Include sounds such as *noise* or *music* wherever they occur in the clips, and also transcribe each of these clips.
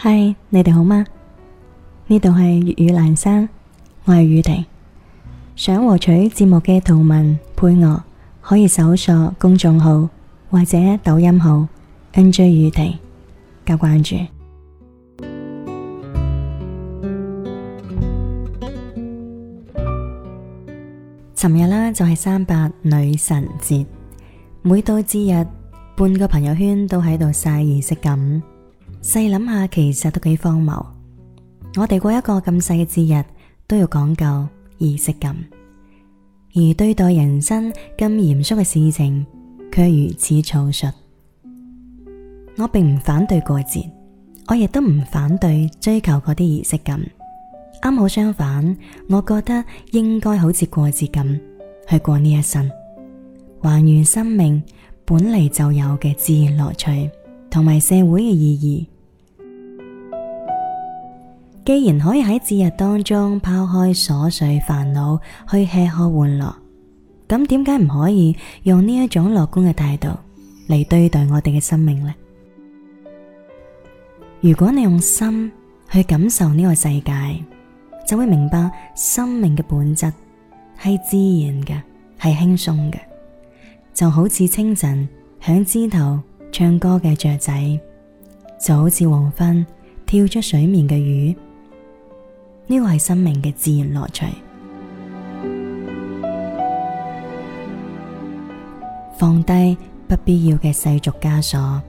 嗨，Hi, 你哋好嗎？呢度係粵語蘭生，我係宇婷。想獲取節目嘅圖文配樂，可以搜索公眾號或者抖音號 N J 宇婷加關注。尋 *music* 日啦，就係三八女神節，每到節日，半個朋友圈都喺度晒儀式感。細諗下，其實都幾荒謬。我哋過一個咁細嘅節日，都要講究儀式感；而對待人生咁嚴肅嘅事情，卻如此草率。我並唔反對過節，我亦都唔反對追求嗰啲儀式感。啱好相反，我覺得應該好似過節咁去過呢一生，還原生命本嚟就有嘅自然樂趣。同埋社會嘅意義，既然可以喺節日當中拋開瑣碎煩惱去吃喝玩樂，咁點解唔可以用呢一種樂觀嘅態度嚟對待我哋嘅生命呢？如果你用心去感受呢個世界，就會明白生命嘅本質係自然嘅，係輕鬆嘅，就好似清晨響枝頭。唱歌嘅雀仔，就好似黃昏跳出水面嘅魚，呢個係生命嘅自然樂趣。放低不必要嘅世俗枷鎖，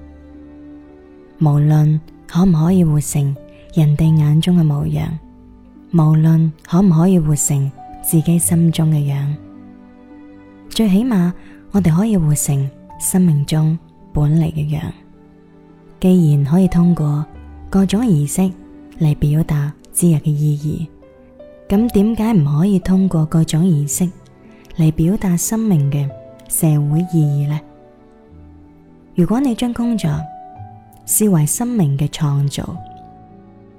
無論可唔可以活成人哋眼中嘅模樣，無論可唔可以活成自己心中嘅樣，最起碼我哋可以活成生命中。本嚟嘅樣，既然可以通過各種儀式嚟表達節日嘅意義，咁點解唔可以通過各種儀式嚟表達生命嘅社會意義咧？如果你將工作視為生命嘅創造，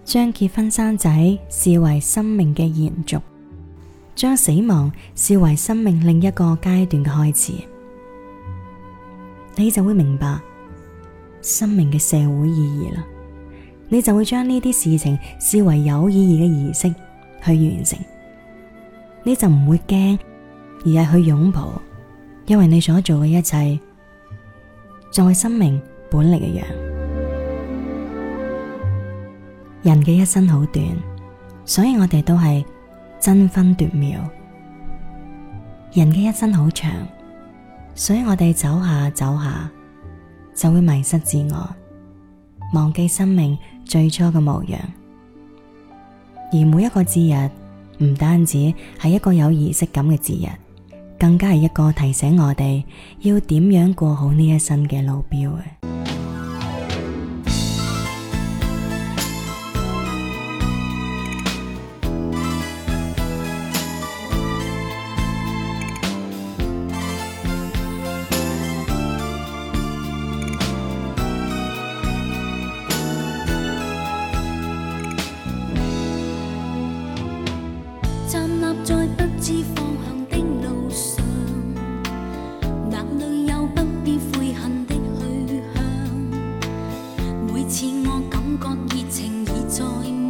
將結婚生仔視為生命嘅延續，將死亡視為生命另一個階段嘅開始。你就會明白生命嘅社會意義啦，你就會將呢啲事情視為有意義嘅儀式去完成，你就唔會驚，而係去擁抱，因為你所做嘅一切，就係生命本嚟嘅樣。人嘅一生好短，所以我哋都係爭分奪秒；人嘅一生好長。所以我哋走下走下，就會迷失自我，忘記生命最初嘅模樣。而每一個節日，唔單止係一個有儀式感嘅節日，更加係一個提醒我哋要點樣過好呢一生嘅路標嘅。在不知方向的路上，哪裏有不必悔恨的去向？每次我感覺熱情已在。